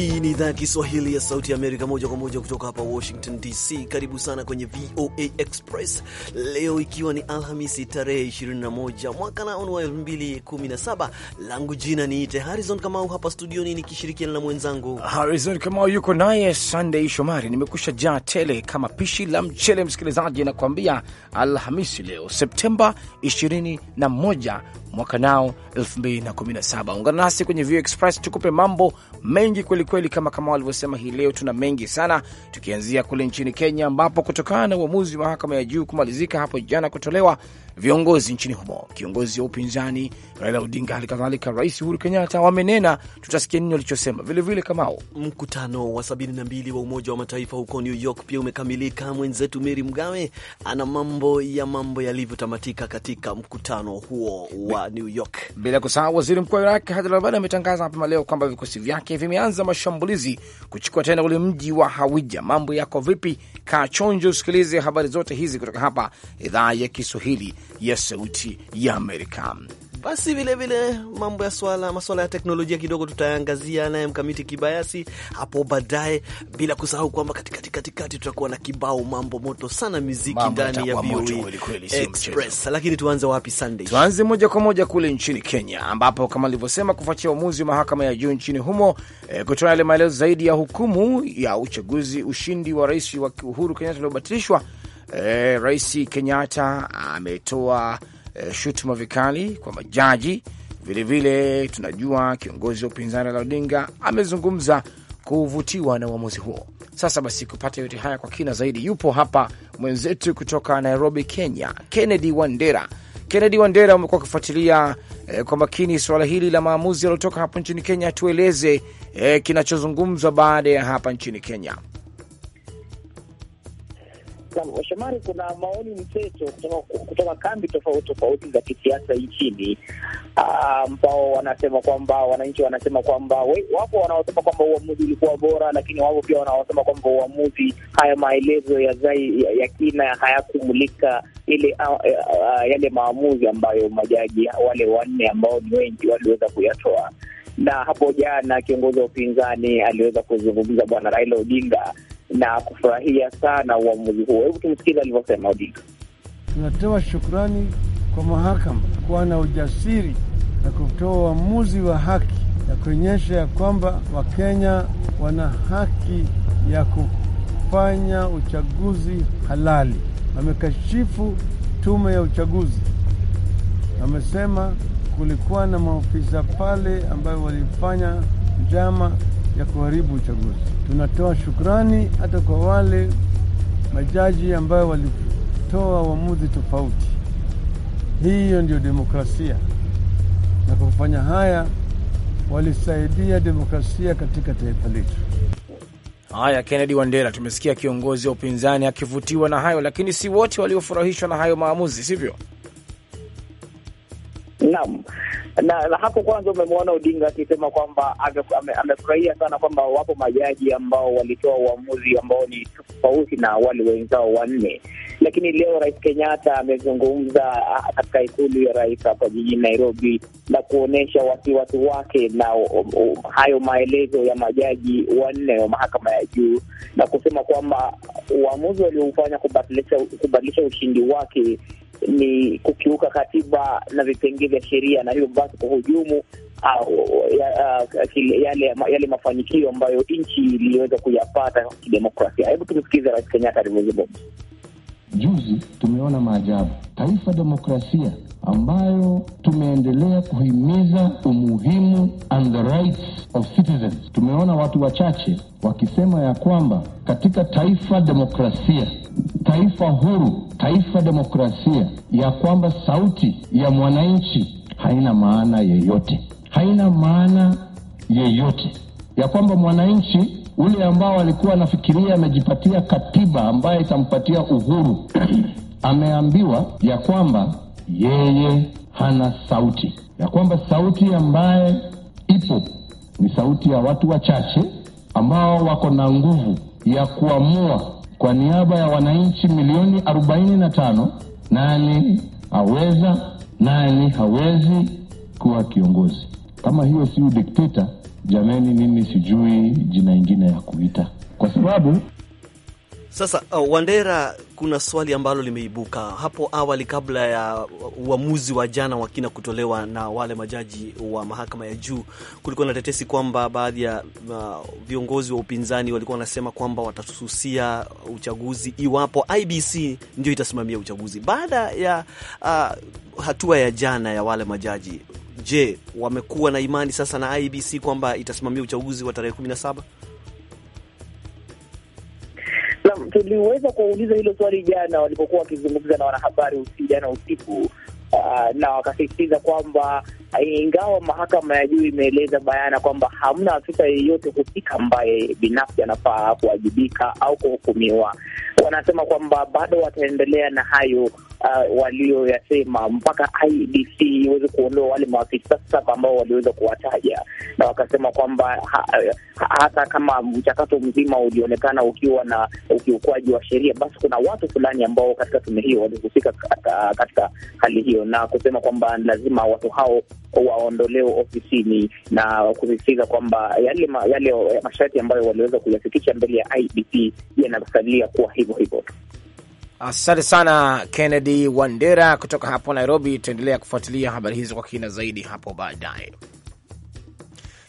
Hii ni idhaa ya Kiswahili ya Sauti Amerika, moja kwa moja kutoka hapa Washington DC. Karibu sana kwenye VOA Express leo, ikiwa ni Alhamisi tarehe 21 mwaka naonu wa 2017. Langu jina niite Harrison Kamau, hapa studioni nikishirikiana na mwenzangu Harrison Kamau, yuko naye Sunday Shomari. Nimekusha jaa tele kama pishi la mchele, msikilizaji, nakuambia Alhamisi leo Septemba 21 mwaka nao 2017. Ungana nasi kwenye View Express tukupe mambo mengi kwelikweli, kama kama walivyosema hii leo tuna mengi sana, tukianzia kule nchini Kenya ambapo kutokana na uamuzi wa mahakama ya juu kumalizika hapo jana kutolewa viongozi nchini humo. Kiongozi wa upinzani Raila Odinga, hali kadhalika Rais Uhuru Kenyatta wamenena. Tutasikia nini walichosema. Vilevile kamao, mkutano wa mbili wa Umoja wa Mataifa huko New York pia umekamilika. Mwenzetu Meri Mgawe ana mambo ya mambo yalivyotamatika katika mkutano huo wa New York, bila kusahau waziri mkuu wa Iraq Haidar Albadi ametangaza mapema leo kwamba vikosi vyake vimeanza mashambulizi kuchukua tena ule mji wa Hawija. Mambo yako vipi? Kaa chonjo, usikilize habari zote hizi kutoka hapa idhaa ya Kiswahili ya Sauti ya Amerika. Basi vilevile mambo ya swala maswala ya teknolojia kidogo tutaangazia naye mkamiti kibayasi hapo baadaye, bila kusahau kwamba katikati katikati tutakuwa na kibao mambo moto sana muziki ndani ya e Express. Lakini tuanze wapi, Sunday? Tuanze moja kwa moja kule nchini Kenya, ambapo kama alivyosema, kufuatia uamuzi wa mahakama ya juu nchini humo e, kutoa yale maelezo zaidi ya hukumu ya uchaguzi ushindi wa rais wa Uhuru Kenyatta uliobatilishwa eh, Rais Kenyatta ametoa eh, shutuma vikali kwa majaji. Vilevile vile, tunajua kiongozi wa upinzani la Odinga amezungumza kuvutiwa na uamuzi huo. Sasa basi, kupata yote haya kwa kina zaidi, yupo hapa mwenzetu kutoka Nairobi, Kenya, Kennedy Wandera. Kennedy Wandera, umekuwa ukifuatilia eh, kwa makini suala hili la maamuzi yaliyotoka hapa nchini Kenya. Tueleze eh, kinachozungumzwa baada ya hapa nchini Kenya. Shamari, kuna maoni mseto kutoka, kutoka kambi tofauti tofauti za kisiasa nchini ah, ambao wanasema kwamba wananchi wanasema kwamba wapo wanaosema kwamba uamuzi ulikuwa bora, lakini wapo pia wanaosema kwamba uamuzi, haya maelezo ya zai ya, ya kina hayakumulika ile uh, uh, yale maamuzi ambayo majaji wale wanne ambao ni wengi waliweza kuyatoa. Na hapo jana kiongozi wa upinzani aliweza kuzungumza Bwana Raila Odinga na kufurahia sana uamuzi huo. Hebu tumsikiza alivyosema Odinga. Tunatoa shukrani kwa mahakama kuwa na ujasiri na kutoa uamuzi wa haki ya kuonyesha ya kwamba Wakenya wana haki ya kufanya uchaguzi halali. Wamekashifu tume ya uchaguzi, wamesema kulikuwa na maofisa pale ambayo walifanya njama ya kuharibu uchaguzi. Tunatoa shukrani hata kwa wale majaji ambayo walitoa uamuzi tofauti. Hiyo ndiyo demokrasia, na kwa kufanya haya walisaidia demokrasia katika taifa letu. Haya, Kennedy Wandera, tumesikia kiongozi wa upinzani akivutiwa na hayo, lakini si wote waliofurahishwa na hayo maamuzi, sivyo? Naam, na, na hapo kwanza umemwona Odinga akisema kwamba amefurahia ame sana kwamba wapo majaji ambao walitoa uamuzi ambao ni tofauti na wale wenzao wanne. Lakini leo Rais Kenyatta amezungumza ah, katika ikulu ya rais hapa jijini Nairobi na kuonyesha wasiwasi wake na um, um, hayo maelezo ya majaji wanne wa mahakama ya juu na kusema kwamba uamuzi walioufanya kubadilisha ushindi wake ni kukiuka katiba na vipengee vya sheria, na hivyo basi kuhujumu ah, ah, yale yale mafanikio ambayo nchi iliweza kuyapata kidemokrasia. Hebu tumsikize Rais Kenyatta alivyozungumza. Juzi tumeona maajabu. Taifa demokrasia ambayo tumeendelea kuhimiza umuhimu and the rights of citizens. Tumeona watu wachache wakisema ya kwamba katika taifa demokrasia, taifa huru taifa demokrasia, ya kwamba sauti ya mwananchi haina maana yeyote, haina maana yeyote, ya kwamba mwananchi ule ambao alikuwa anafikiria amejipatia katiba ambayo itampatia uhuru ameambiwa ya kwamba yeye hana sauti, ya kwamba sauti ambaye ipo ni sauti ya watu wachache ambao wako na nguvu ya kuamua kwa niaba ya wananchi milioni 45. Nani aweza, nani hawezi kuwa kiongozi? Kama hiyo si udikteta, jameni mimi sijui jina ingine ya kuita, kwa sababu sasa uh, Wandera, kuna swali ambalo limeibuka hapo awali kabla ya uamuzi wa jana wa kina kutolewa na wale majaji wa mahakama ya juu. Kulikuwa na tetesi kwamba baadhi ya uh, viongozi wa upinzani walikuwa wanasema kwamba watasusia uchaguzi iwapo IBC ndio itasimamia uchaguzi baada ya uh, hatua ya jana ya wale majaji. Je, wamekuwa na imani sasa na IBC kwamba itasimamia uchaguzi wa tarehe 17? tuliweza kuwauliza hilo swali jana walipokuwa wakizungumza na wanahabari jana usiku. Uh, na wakasisitiza kwamba ah, ingawa mahakama ya juu imeeleza bayana kwamba hamna afisa yeyote husika ambaye binafsi anafaa kuwajibika au kuhukumiwa, wanasema kwamba bado wataendelea na hayo uh, walioyasema mpaka IDC iweze kuondoa wale maafisa saba ambao waliweza kuwataja, na wakasema kwamba ha, ha, hata kama mchakato mzima ulionekana ukiwa na ukiukwaji wa sheria, basi kuna watu fulani ambao katika tume hiyo walihusika katika, katika hali hiyo, na kusema kwamba lazima watu hao waondolewe ofisini na kusisitiza kwamba yale, yale masharti ambayo waliweza kuyafikisha mbele ya IDC yanasalia kuwa hivyo hivyo Asante sana Kennedy Wandera kutoka hapo Nairobi. Tutaendelea kufuatilia habari hizo kwa kina zaidi hapo baadaye.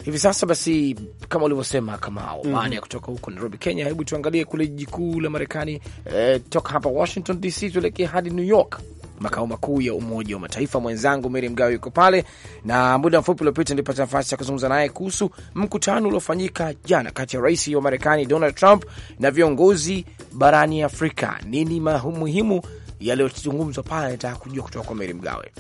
Hivi sasa basi, kama ulivyosema Kamao, mhm. baada mm -hmm. ya kutoka huko Nairobi, Kenya, hebu tuangalie kule jiji kuu la Marekani. Eh, toka hapa Washington DC tuelekee hadi New York makao makuu ya Umoja wa Mataifa. Mwenzangu Meri Mgawe yuko pale, na muda mfupi uliopita nilipata nafasi ya kuzungumza naye kuhusu mkutano uliofanyika jana kati ya rais wa Marekani Donald Trump na viongozi barani Afrika. Nini muhimu yaliyozungumzwa pale? Nataka kujua kutoka kwa Meri Mgawe.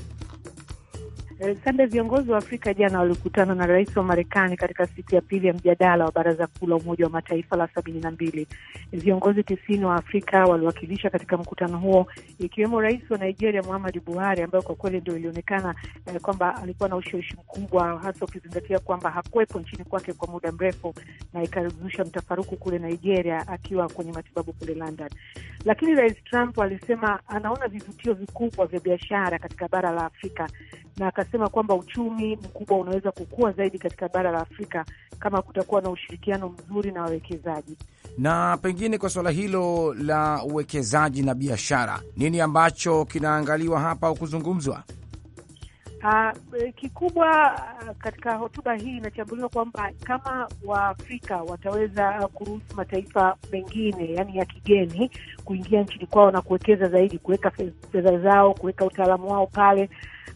Eh, Sande, viongozi wa Afrika jana walikutana na rais wa Marekani katika siku ya pili ya mjadala wa Baraza Kuu la Umoja wa Mataifa la sabini na mbili. Viongozi tisini wa Afrika waliwakilisha katika mkutano huo, ikiwemo rais wa Nigeria Muhammadu Buhari, ambaye kwa kweli ndio ilionekana eh, kwamba alikuwa na ushawishi mkubwa, hasa ukizingatia kwamba hakuwepo nchini kwake kwa muda mrefu, na ikazusha mtafaruku kule Nigeria akiwa kwenye matibabu kule London. Lakini rais Trump alisema anaona vivutio vikubwa vya biashara katika bara la Afrika na akasema kwamba uchumi mkubwa unaweza kukua zaidi katika bara la Afrika kama kutakuwa na ushirikiano mzuri na wawekezaji. Na pengine kwa suala hilo la uwekezaji na biashara, nini ambacho kinaangaliwa hapa au kuzungumzwa? Uh, kikubwa ah, katika hotuba hii inachambuliwa kwamba kama Waafrika wataweza ah, kuruhusu mataifa mengine, yaani ya kigeni, kuingia nchini kwao na kuwekeza zaidi, kuweka fedha zao, kuweka utaalamu wao pale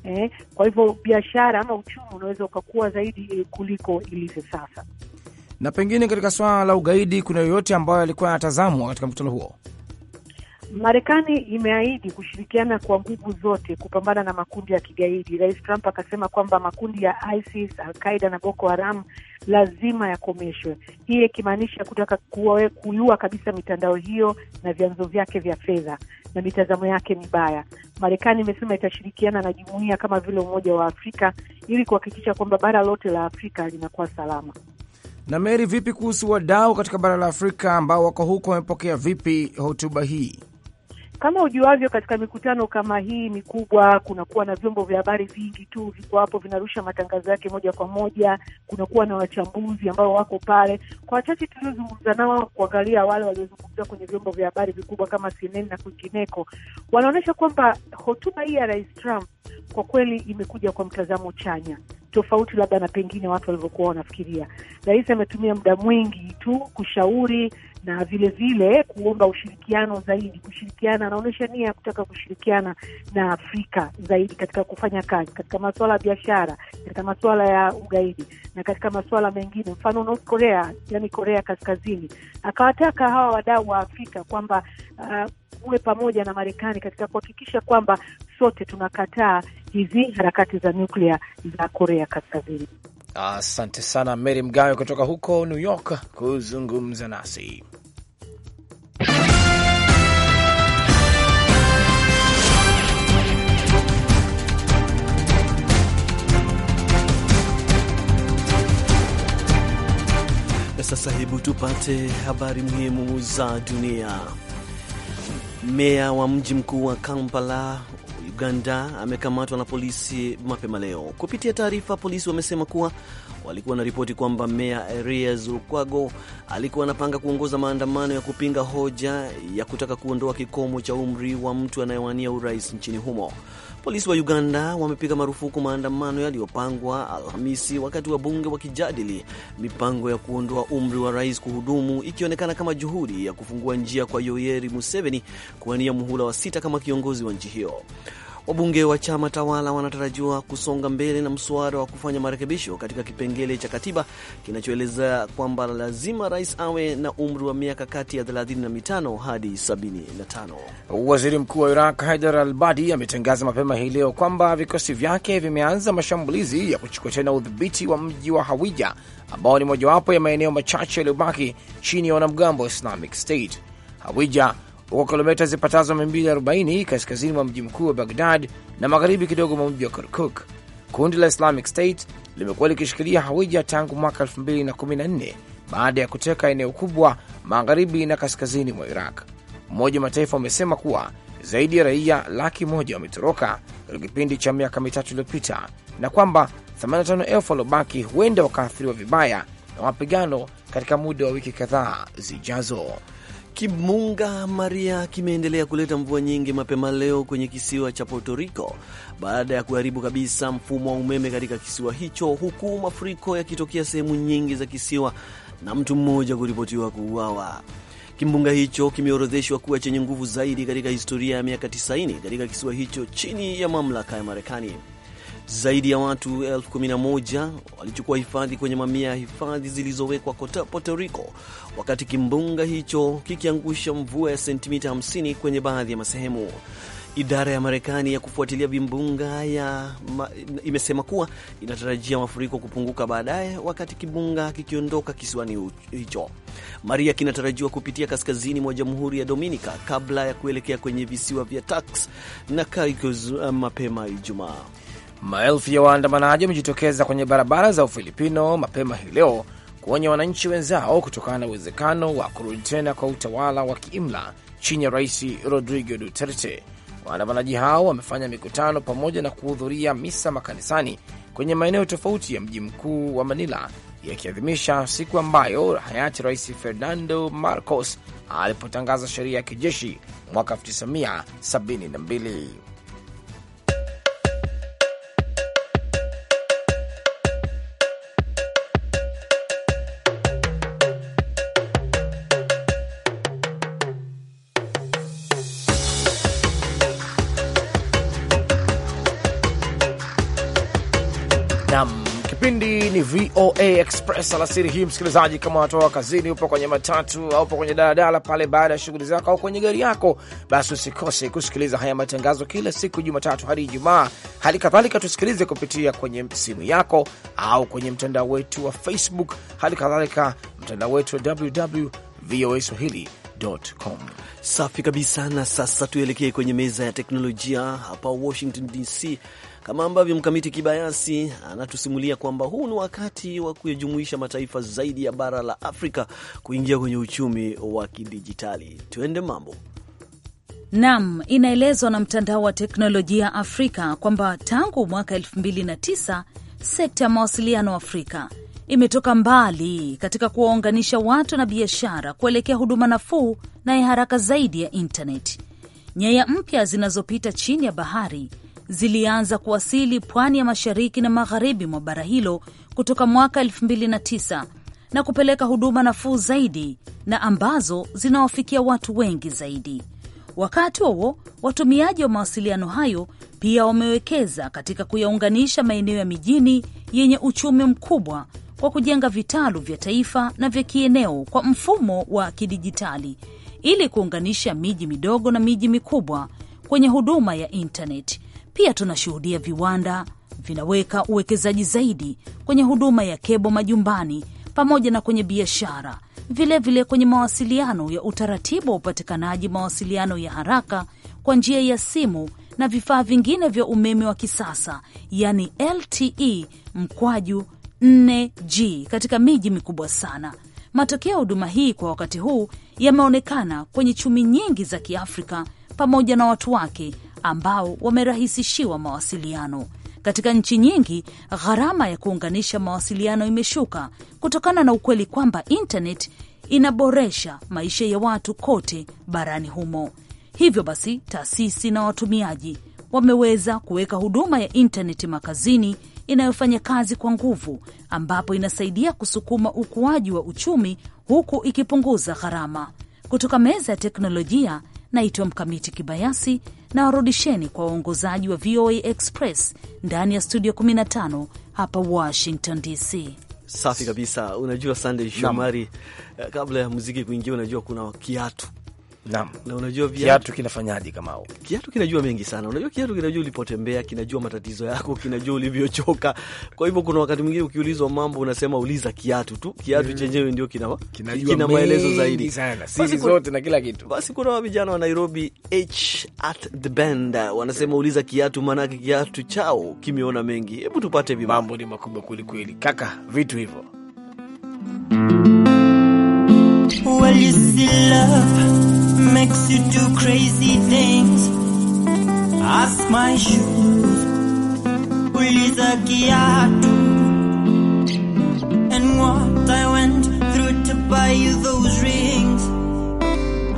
eh, kwa hivyo biashara ama uchumi unaweza ukakua zaidi eh, kuliko ilivyo sasa. Na pengine katika swala la ugaidi, kuna yoyote ambayo alikuwa anatazamwa katika mkutano huo? Marekani imeahidi kushirikiana kwa nguvu zote kupambana na makundi ya kigaidi. Rais Trump akasema kwamba makundi ya ISIS, Al-Qaida na Boko Haram lazima yakomeshwe, hii ikimaanisha kutaka kuiua kabisa mitandao hiyo na vyanzo vyake vya fedha na mitazamo yake mibaya. Marekani imesema itashirikiana na jumuiya kama vile Umoja wa Afrika ili kuhakikisha kwamba bara lote la Afrika linakuwa salama. Na Meri, vipi kuhusu wadau katika bara la Afrika ambao wako huko, wamepokea vipi hotuba hii? Kama ujuavyo, katika mikutano kama hii mikubwa, kunakuwa na vyombo vya habari vingi tu viko hapo vinarusha matangazo yake moja kwa moja, kunakuwa na wachambuzi ambao wako pale. Kwa wachache tuliozungumza nao, kuangalia wale waliozungumza kwenye vyombo vya habari vikubwa kama CNN na kwingineko, wanaonyesha kwamba hotuba hii ya Rais Trump kwa kweli imekuja kwa mtazamo chanya tofauti labda na pengine watu walivyokuwa wanafikiria. Rais ametumia muda mwingi tu kushauri na vile vile kuomba ushirikiano zaidi, kushirikiana. Anaonyesha nia ya kutaka kushirikiana na Afrika zaidi katika kufanya kazi, katika masuala ya biashara, katika masuala ya ugaidi na katika masuala mengine, mfano North Korea, yani Korea Kaskazini. Akawataka hawa wadau wa Afrika kwamba uh, uwe pamoja na Marekani katika kuhakikisha kwamba sote tunakataa hizi harakati za nyuklia za Korea Kaskazini. Asante sana Mary Mgawe kutoka huko New York kuzungumza nasi. Na sasa hebu tupate habari muhimu za dunia. Meya wa mji mkuu wa Kampala Uganda amekamatwa na polisi mapema leo. Kupitia taarifa, polisi wamesema kuwa walikuwa na ripoti kwamba meya Erias Lukwago alikuwa anapanga kuongoza maandamano ya kupinga hoja ya kutaka kuondoa kikomo cha umri wa mtu anayewania urais nchini humo. Polisi wa Uganda wamepiga marufuku maandamano yaliyopangwa Alhamisi wakati wa bunge wakijadili mipango ya kuondoa umri wa rais kuhudumu, ikionekana kama juhudi ya kufungua njia kwa yoyeri Museveni kuwania muhula wa sita kama kiongozi wa nchi hiyo. Wabunge wa chama tawala wanatarajiwa kusonga mbele na mswada wa kufanya marekebisho katika kipengele cha katiba kinachoeleza kwamba lazima rais awe na umri wa miaka kati ya 35 hadi 75. Waziri mkuu wa Iraq Haidar al Badi ametangaza mapema hii leo kwamba vikosi vyake vimeanza mashambulizi ya kuchukua tena udhibiti wa mji wa Hawija ambao ni mojawapo ya maeneo machache yaliyobaki chini ya wanamgambo wa Islamic State. Hawija huko kilomita zipatazo 240 kaskazini mwa mji mkuu wa Bagdad na magharibi kidogo mwa mji wa Kirkuk. Kundi la Islamic State limekuwa likishikilia Hawija tangu mwaka 2014 baada ya kuteka eneo kubwa magharibi na kaskazini mwa Iraq. Umoja wa Mataifa umesema kuwa zaidi ya raia laki moja wametoroka katika kipindi cha miaka mitatu iliyopita na kwamba 85,000 waliobaki huenda wakaathiriwa vibaya na mapigano katika muda wa wiki kadhaa zijazo. Kimbunga Maria kimeendelea kuleta mvua nyingi mapema leo kwenye kisiwa cha Puerto Rico baada ya kuharibu kabisa mfumo wa umeme katika kisiwa hicho, huku mafuriko yakitokea sehemu nyingi za kisiwa na mtu mmoja kuripotiwa kuuawa. Kimbunga hicho kimeorodheshwa kuwa chenye nguvu zaidi katika historia ya miaka 90 katika kisiwa hicho chini ya mamlaka ya Marekani. Zaidi ya watu elfu 11 walichukua hifadhi kwenye mamia ya hifadhi zilizowekwa kote Puerto Rico wakati kimbunga hicho kikiangusha mvua ya sentimita 50 kwenye baadhi ya masehemu. Idara ya Marekani ya kufuatilia vimbunga ya ma, imesema kuwa inatarajia mafuriko kupunguka baadaye wakati kimbunga kikiondoka kisiwani hicho. Maria kinatarajiwa kupitia kaskazini mwa Jamhuri ya Dominica kabla ya kuelekea kwenye visiwa vya Turks na Caicos uh, mapema Ijumaa. Maelfu ya waandamanaji wamejitokeza kwenye barabara za Ufilipino mapema hii leo kuonya wananchi wenzao kutokana na uwezekano wa kurudi tena kwa utawala wa kiimla chini ya Rais Rodrigo Duterte. Waandamanaji hao wamefanya mikutano pamoja na kuhudhuria misa makanisani kwenye maeneo tofauti ya mji mkuu wa Manila, yakiadhimisha siku ambayo hayati Rais fernando Marcos alipotangaza sheria ya kijeshi mwaka 1972. Nam, kipindi ni VOA Express alasiri hii. Msikilizaji, kama watoa kazini, upo kwenye matatu au upo kwenye daladala pale, baada ya shughuli zako au kwenye gari yako, basi usikose kusikiliza haya matangazo kila siku Jumatatu hadi Ijumaa. Hali kadhalika tusikilize kupitia kwenye simu yako au kwenye mtandao wetu wa Facebook, hali kadhalika mtandao wetu wa www voa swahili Com. Safi kabisa. Na sasa tuelekee kwenye meza ya teknolojia hapa Washington DC, kama ambavyo mkamiti Kibayasi anatusimulia kwamba huu ni wakati wa kuyajumuisha mataifa zaidi ya bara la Afrika kuingia kwenye uchumi wa kidijitali. Tuende mambo. Nam, inaelezwa na mtandao wa teknolojia Afrika kwamba tangu mwaka 2009 sekta ya mawasiliano Afrika imetoka mbali katika kuwaunganisha watu na biashara kuelekea huduma nafuu na ya haraka zaidi ya intaneti. Nyaya mpya zinazopita chini ya bahari zilianza kuwasili pwani ya mashariki na magharibi mwa bara hilo kutoka mwaka 2009 na kupeleka huduma nafuu zaidi na ambazo zinawafikia watu wengi zaidi. Wakati huo watumiaji wa mawasiliano hayo pia wamewekeza katika kuyaunganisha maeneo ya mijini yenye uchumi mkubwa kwa kujenga vitalu vya taifa na vya kieneo kwa mfumo wa kidijitali ili kuunganisha miji midogo na miji mikubwa kwenye huduma ya intaneti pia tunashuhudia viwanda vinaweka uwekezaji zaidi kwenye huduma ya kebo majumbani pamoja na kwenye biashara, vilevile kwenye mawasiliano ya utaratibu wa upatikanaji mawasiliano ya haraka kwa njia ya simu na vifaa vingine vya umeme wa kisasa, yani LTE mkwaju 4G katika miji mikubwa sana. Matokeo ya huduma hii kwa wakati huu yameonekana kwenye chumi nyingi za Kiafrika pamoja na watu wake ambao wamerahisishiwa mawasiliano. Katika nchi nyingi gharama ya kuunganisha mawasiliano imeshuka kutokana na ukweli kwamba intanet inaboresha maisha ya watu kote barani humo. Hivyo basi, taasisi na watumiaji wameweza kuweka huduma ya intaneti makazini inayofanya kazi kwa nguvu, ambapo inasaidia kusukuma ukuaji wa uchumi huku ikipunguza gharama. Kutoka meza ya teknolojia, naitwa Mkamiti Kibayasi na warudisheni kwa waongozaji wa VOA Express ndani ya studio 15 hapa Washington DC. Safi kabisa. Unajua sandey Shomari, eh, kabla ya muziki kuingia, unajua kuna kiatu Naam. Na unajua kiatu kinafanyaje kama au? Kiatu kinajua mengi sana. Unajua kiatu kinajua ulipotembea, kinajua matatizo yako, kinajua ulivyochoka. Kwa hivyo kuna wakati mwingine ukiulizwa mambo unasema uliza kiatu tu. Kiatu mm, chenyewe ndio kina kinajua kina maelezo zaidi. Sana. Siri zote na kila kitu. Basi kuna vijana wa Nairobi H at the band wanasema uliza kiatu, maana kiatu chao kimeona mengi. Hebu tupate vibao. Mambo ni makubwa kweli kweli. Kaka, vitu hivyo. Well, you see love. makes you do crazy things. Ask my shoes, Uliza Giatu, and what I went through to buy you those rings.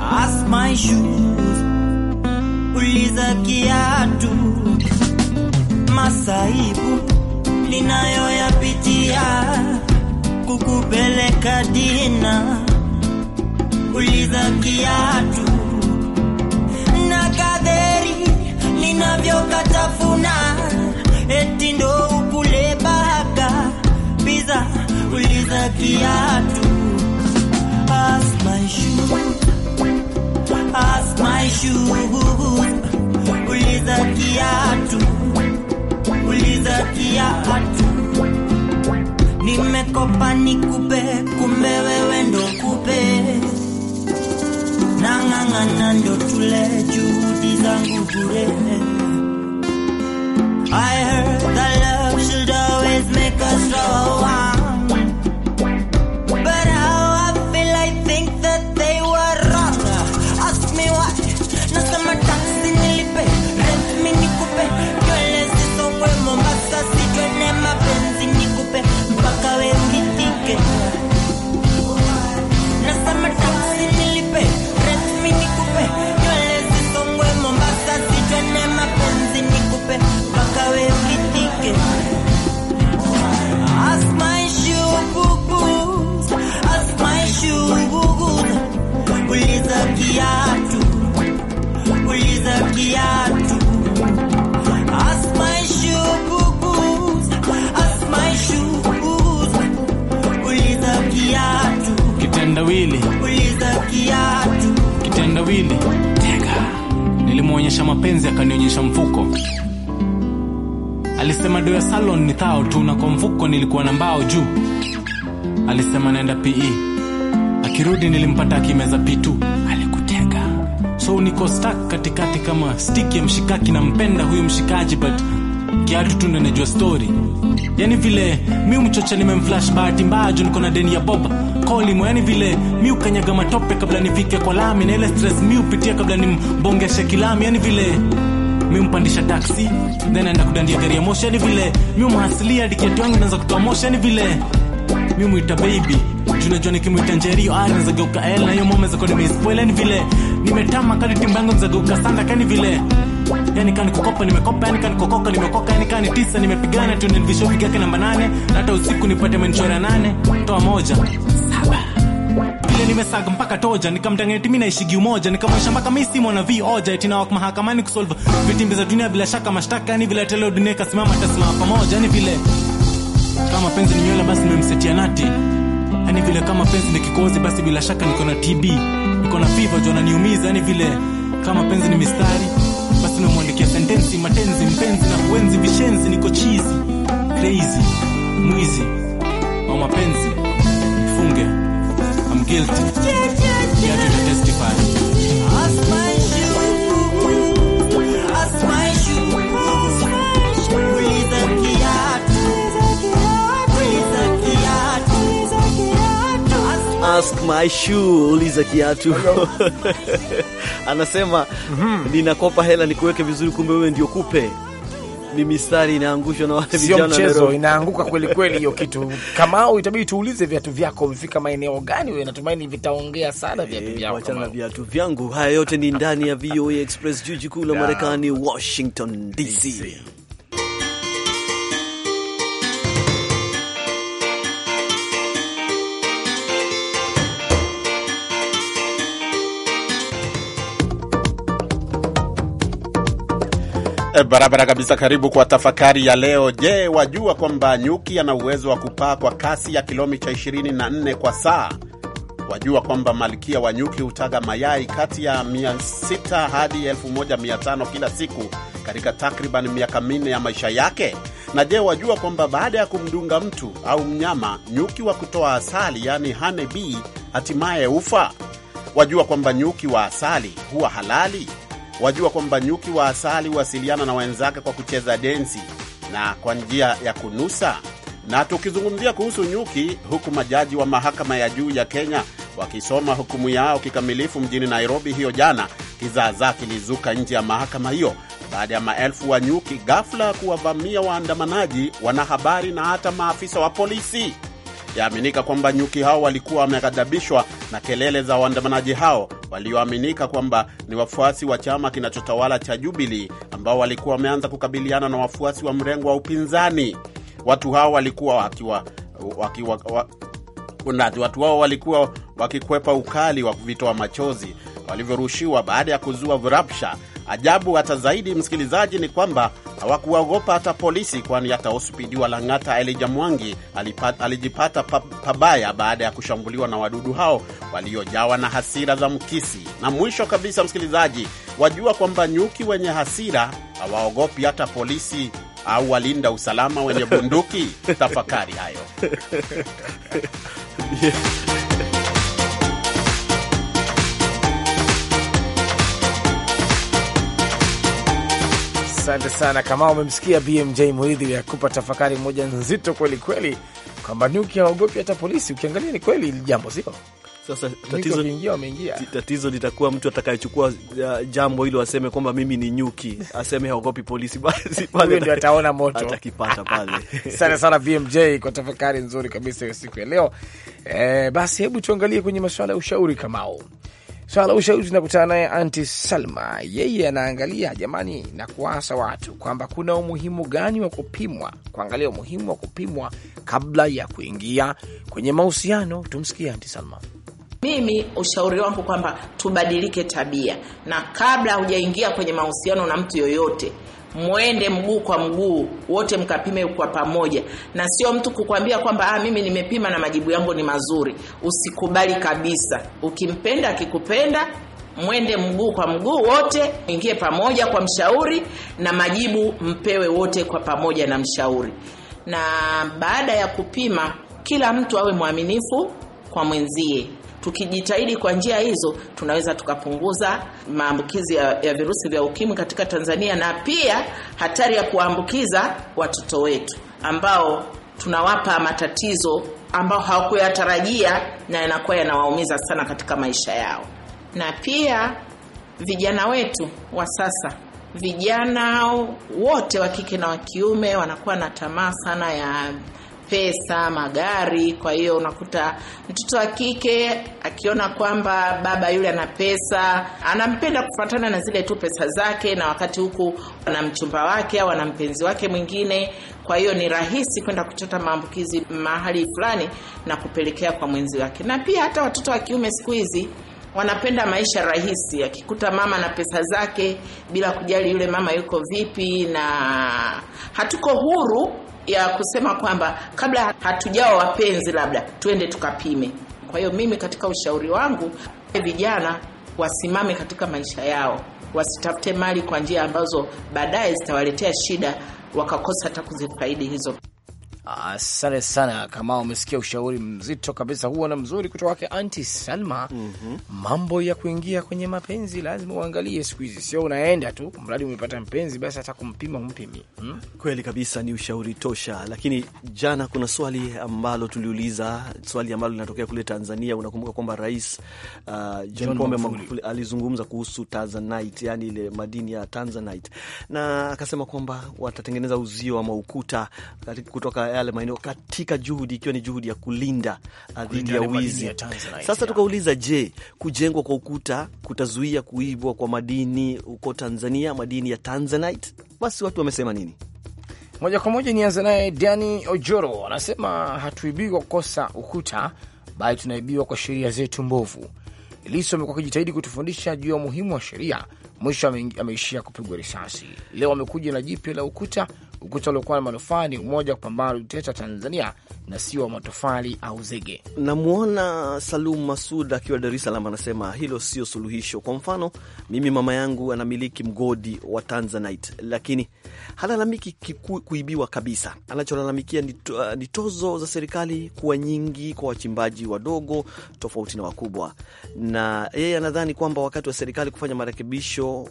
Ask my shoes, Uliza Giatu, masaibu ninayoyapitia kukupeleka dina uliza kiatu na kadheri linavyokatafuna eti ndo ukule baka biza uliza kiatu Ask my shoe, ask my shoe, uliza kiatu, uliza kiatu, nimekopa nikupe kumbe wewe ndo tule juhudi zangu bure. I heard that love should always make us strong. mapenzi akanionyesha mfuko. Alisema do ya salon ni thao tu, na kwa mfuko nilikuwa na mbao juu. Alisema naenda PE, akirudi nilimpata akimeza pitu. Alikutega, so niko stuck katikati kama stiki ya mshikaki. Nampenda huyu mshikaji but kiatu tu ndo najua story yani vile mi mchocha nimemflash bahati mbaya juu niko na deni ya boba kolimo yani vile mi ukanyaga matope kabla nifike kwa lami na ile stress mi upitia kabla nimbongeshe kilami yani vile mi mpandisha taksi then aenda kudandia gari ya moshi yani vile mi umhasilia hadi kiatu yangu naanza kutoa moshi yani vile mi mwita baby junajua nikimwita njerio ah, geuka el na hiyo momezako nimeispoleni yaani vile nimetama kani timba yangu zaguka sana kani vile yani kani kukopa nimekopa yani kani kokoka nimekoka yani kani tisa nimepigana tu nilivishwa piga yake namba nane na hata usiku nipate ya nane toa moja saba vile nimesaga mpaka toja nikamtangia timi na ishigi umoja nikamwisha mpaka mi si mwana vi oja etinawak mahakamani kusolve vitimbi za dunia bila shaka mashtaka yani vile teleo dunia ikasimama tasimama pamoja yani vile kama penzi ni nywele basi nimemsetia nati yani vile kama penzi ni kikozi basi bila shaka niko na tb niko na fiva jona niumiza yani vile kama penzi ni mistari basi namwandikia sentensi matenzi mpenzi na kuenzi vishenzi niko chizi crazy mwizi au mapenzi funge I'm guilty yeah, yeah, yeah. yeah ask my shoe, uliza kiatu anasema mm -hmm. Ninakopa hela nikuweke vizuri, kumbe wewe ndio kupe ni mistari inaangushwa na wale vijana, sio mchezo, inaanguka kweli kweli hiyo kitu. au itabidi tuulize viatu vyako vimefika maeneo gani? Wewe natumaini vitaongea sana eh, viatu vyako. Wachana na viatu vyangu. Haya yote ni ndani ya VOA Express, jiji kuu la Marekani, Washington DC. Eh, barabara kabisa. Karibu kwa tafakari ya leo. Je, wajua kwamba nyuki ana uwezo wa kupaa kwa kasi ya kilomita 24 kwa saa? Wajua kwamba malkia wa nyuki hutaga mayai kati ya 600 hadi 1500 kila siku katika takriban miaka minne ya maisha yake? Na je, wajua kwamba baada ya kumdunga mtu au mnyama, nyuki wa kutoa asali, yaani honey bee, hatimaye ufa? Wajua kwamba nyuki wa asali huwa halali? Wajua kwamba nyuki wa asali huwasiliana na wenzake kwa kucheza densi na kwa njia ya kunusa. Na tukizungumzia kuhusu nyuki, huku majaji wa mahakama ya juu ya Kenya wakisoma hukumu yao kikamilifu mjini Nairobi hiyo jana, kizaazaa kilizuka nje ya mahakama hiyo baada ya maelfu wa nyuki ghafla kuwavamia waandamanaji, wanahabari na hata maafisa wa polisi. Yaaminika kwamba nyuki hao walikuwa wameghadhabishwa na kelele za waandamanaji hao walioaminika kwamba ni wafuasi wa chama kinachotawala cha Jubili ambao walikuwa wameanza kukabiliana na wafuasi wa mrengo wa upinzani. Watu hao walikuwa wakiwa, wakiwa, wa, watu hao walikuwa wakikwepa ukali wa vitoa machozi walivyorushiwa baada ya kuzua vrapsha Ajabu hata zaidi, msikilizaji, ni kwamba hawakuwaogopa hata polisi, kwani hata Ospidi wa Lang'ata Elija Mwangi alijipata pabaya baada ya kushambuliwa na wadudu hao waliojawa na hasira za mkisi. Na mwisho kabisa, msikilizaji, wajua kwamba nyuki wenye hasira hawaogopi hata polisi au walinda usalama wenye bunduki. Tafakari hayo. yeah. Asante sana kama umemsikia BMJ Muridhi akupa tafakari moja nzito kweli kweli, kwamba nyuki haogopi hata polisi. Ukiangalia ni kweli ili jambo sio sasa tatizo, tatizo litakuwa mtu atakayechukua uh, jambo hilo aseme kwamba mimi ni nyuki, aseme haogopi polisi, basi pale ndio ataona moto atakipata pale. Sana sana BMJ kwa tafakari nzuri kabisa ya siku ya leo. E, basi hebu tuangalie kwenye masuala ya ushauri kamao Swala la ushauzi nakutana naye Anti Salma, yeye anaangalia jamani, na kuasa watu kwamba kuna umuhimu gani wa kupimwa, kuangalia umuhimu wa kupimwa kabla ya kuingia kwenye mahusiano. Tumsikie Anti Salma. Mimi ushauri wangu kwamba tubadilike tabia, na kabla hujaingia kwenye mahusiano na mtu yoyote, mwende mguu kwa mguu wote mkapime kwa pamoja, na sio mtu kukwambia kwamba ah, mimi nimepima na majibu yangu ni mazuri. Usikubali kabisa. Ukimpenda, akikupenda mwende mguu kwa mguu wote, ingie pamoja kwa mshauri, na majibu mpewe wote kwa pamoja na mshauri. Na baada ya kupima, kila mtu awe mwaminifu kwa mwenzie. Tukijitahidi kwa njia hizo, tunaweza tukapunguza maambukizi ya, ya virusi vya ukimwi katika Tanzania na pia hatari ya kuambukiza watoto wetu ambao tunawapa matatizo ambao hawakuyatarajia na yanakuwa yanawaumiza sana katika maisha yao. Na pia vijana wetu wa sasa, vijana wote wa kike na wa kiume, wanakuwa na tamaa sana ya pesa, magari. Kwa hiyo unakuta mtoto wa kike akiona kwamba baba yule ana pesa, anampenda kufuatana na zile tu pesa zake, na wakati huku ana mchumba wake au ana mpenzi wake mwingine. Kwa hiyo ni rahisi kwenda kuchota maambukizi mahali fulani na kupelekea kwa mwenzi wake. Na pia hata watoto wa kiume siku hizi wanapenda maisha rahisi, akikuta mama na pesa zake, bila kujali yule mama yuko vipi na hatuko huru ya kusema kwamba kabla hatujawa wapenzi labda tuende tukapime. Kwa hiyo mimi katika ushauri wangu, vijana wasimame katika maisha yao, wasitafute mali kwa njia ambazo baadaye zitawaletea shida, wakakosa hata kuzifaidi hizo Asante sana kama umesikia ushauri mzito kabisa huo na mzuri kutoka kwake Anti Salma. mm -hmm. Mambo ya kuingia kwenye mapenzi lazima uangalie siku hizi, sio unaenda tu mradi umepata mpenzi basi hata kumpima umpimi. hmm? Kweli kabisa, ni ushauri tosha. Lakini jana kuna swali ambalo tuliuliza, swali ambalo linatokea kule Tanzania. Unakumbuka kwamba Rais uh, John Pombe Magufuli alizungumza kuhusu Tanzanite, yani ile madini ya Tanzanite, na akasema kwamba watatengeneza uzio ama ukuta kutoka yale maeneo katika juhudi, ikiwa ni juhudi ya kulinda uh, dhidi ya wizi. Sasa tukauliza, je, kujengwa kwa ukuta kutazuia kuibwa kwa madini huko Tanzania, madini ya Tanzanite? Basi watu wamesema nini? Moja kwa moja anze naye Dani Ojoro anasema hatuibiwi kwa kukosa ukuta, bali tunaibiwa kwa sheria zetu mbovu. Liso amekuwa akijitahidi kutufundisha juu ya umuhimu wa sheria, mwisho ameishia kupigwa risasi. Leo amekuja na jipya la ukuta Ukuta uliokuwa na manufaa ni umoja wa kupambana uteta Tanzania na sio wa matofali au zege. Namwona Salum Masud akiwa Dar es Salaam, anasema hilo sio suluhisho. Kwa mfano, mimi mama yangu anamiliki mgodi wa Tanzanite, lakini halalamiki kuibiwa kabisa. Anacholalamikia uh, ni tozo za serikali kuwa nyingi kwa wachimbaji wadogo tofauti na wakubwa, na yeye anadhani kwamba wakati wa serikali kufanya marekebisho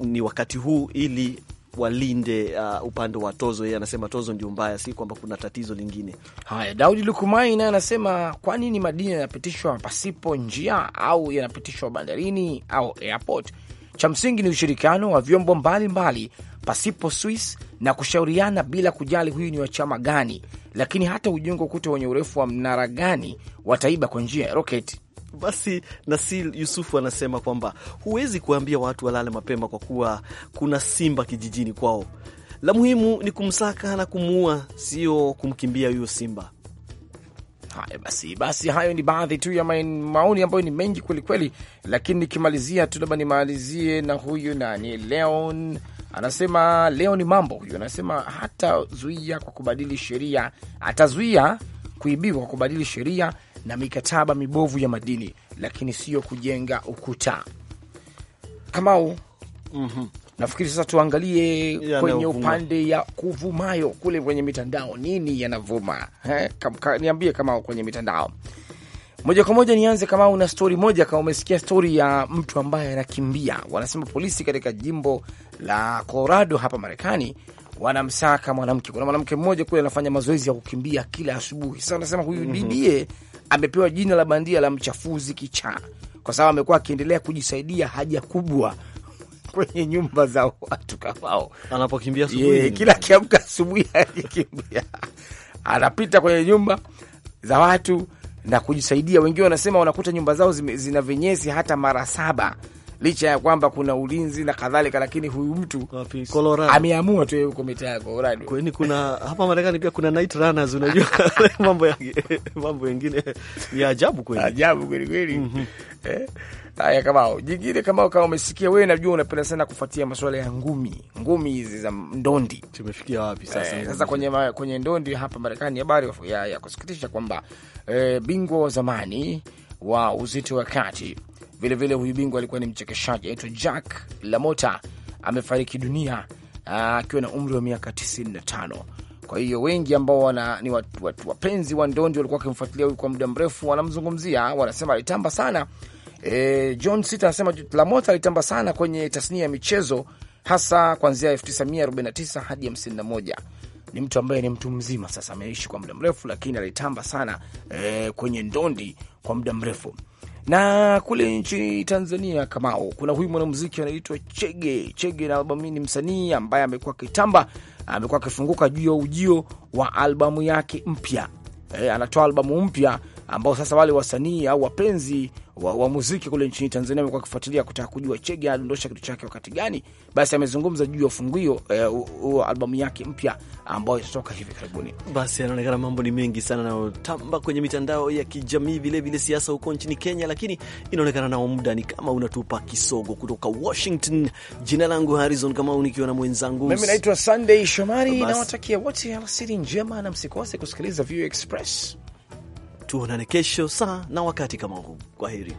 ni wakati huu ili walinde uh, upande wa tozo. Yeye anasema tozo ndio mbaya, si kwamba kuna tatizo lingine. Haya, Daudi Lukumai naye anasema kwa nini madini yanapitishwa pasipo njia au yanapitishwa bandarini au airport? Cha msingi ni ushirikiano wa vyombo mbalimbali mbali, pasipo Swiss na kushauriana bila kujali huyu ni wa chama gani, lakini hata ujengo ukuta wenye urefu wa mnara gani wataiba kwa njia ya roketi. Basi Nasil Yusufu anasema kwamba huwezi kuambia watu walale mapema kwa kuwa kuna simba kijijini kwao. La muhimu ni kumsaka na kumuua, sio kumkimbia huyo simba. Haya basi, basi hayo ni baadhi tu ya maoni ambayo ni mengi kwelikweli, lakini nikimalizia tu labda nimalizie na huyu nani, Leon anasema, leo ni mambo huyu, anasema hatazuia kwa kubadili sheria, atazuia kuibiwa kwa kubadili sheria na mikataba mibovu ya madini, lakini sio kujenga ukuta. Kamau. mm -hmm. Nafikiri sasa tuangalie ya kwenye na upande ya kuvumayo kule kwenye mitandao, nini yanavuma? Niambie kama kwenye mitandao moja kwa moja nianze kama una stori moja, kama umesikia stori ya mtu ambaye anakimbia. Wanasema polisi katika jimbo la Colorado hapa Marekani wanamsaka mwanamke. Kuna mwanamke mmoja kule anafanya mazoezi ya kukimbia kila asubuhi. Sasa wanasema huyu mm -hmm. bibie amepewa jina la bandia la mchafuzi kichaa, kwa sababu amekuwa akiendelea kujisaidia haja kubwa kwenye nyumba za watu kamao, anapokimbia asubuhi, kila akiamka asubuhi akikimbia anapita kwenye nyumba za watu na kujisaidia. Wengine wanasema wanakuta nyumba zao zina vinyesi hata mara saba licha ya kwamba kuna ulinzi na kadhalika, lakini huyu mtu ameamua tu huko mitaa ya Colorado. Kwani kuna hapa Marekani pia kuna night runners, unajua mambo ya mambo mengine ni ajabu kweli, ajabu kweli kweli. mm -hmm. eh? Haya, kamao jingine, kamao, kama umesikia wewe, najua unapenda sana kufuatia masuala ya ngumi, ngumi hizi za ndondi. Tumefikia wapi sasa? Eh, sasa kwenye, ma, kwenye ndondi hapa Marekani, habari ya, ya ya kusikitisha kwamba eh, bingwa wa zamani wa uzito wa kati Vilevile huyu bingwa alikuwa ni mchekeshaji anaitwa Jack Lamota, amefariki dunia ah, akiwa na umri wa miaka 95. Kwa hiyo wengi ambao wana, ni watu, watu, wapenzi wa ndondi walikuwa wakimfuatilia huyu kwa muda mrefu, wanamzungumzia, wanasema alitamba sana. E, John Sit anasema Lamota alitamba sana kwenye tasnia ya michezo hasa kuanzia 1949 hadi 51. Ni mtu ambaye ni mtu mzima sasa, ameishi kwa muda mrefu, lakini alitamba sana e, kwenye ndondi kwa muda mrefu. Na kule nchini Tanzania, Kamao, kuna huyu mwanamuziki anaitwa Chege. Chege na albamu hii ni msanii ambaye amekuwa akitamba, amekuwa akifunguka juu ya ujio wa albamu yake mpya. E, anatoa albamu mpya ambao sasa wale wasanii au wapenzi wa, wa muziki kule nchini Tanzania wamekuwa wakifuatilia kutaka kujua Chege anadondosha kitu chake wakati gani. Basi amezungumza juu ya ufungio huo eh, albamu yake mpya ambayo itatoka hivi karibuni. Basi anaonekana mambo ni mengi sana yanayotamba kwenye mitandao ya kijamii, vilevile siasa huko nchini Kenya, lakini inaonekana nao muda ni kama unatupa kisogo. Kutoka Washington, jina langu Harrison Kamau nikiwa na mwenzangu mimi naitwa Sunday Shomari, nawatakia wote alasiri njema na msikose kusikiliza View Express. Tuonane kesho saa na wakati kama huu. Kwa heri.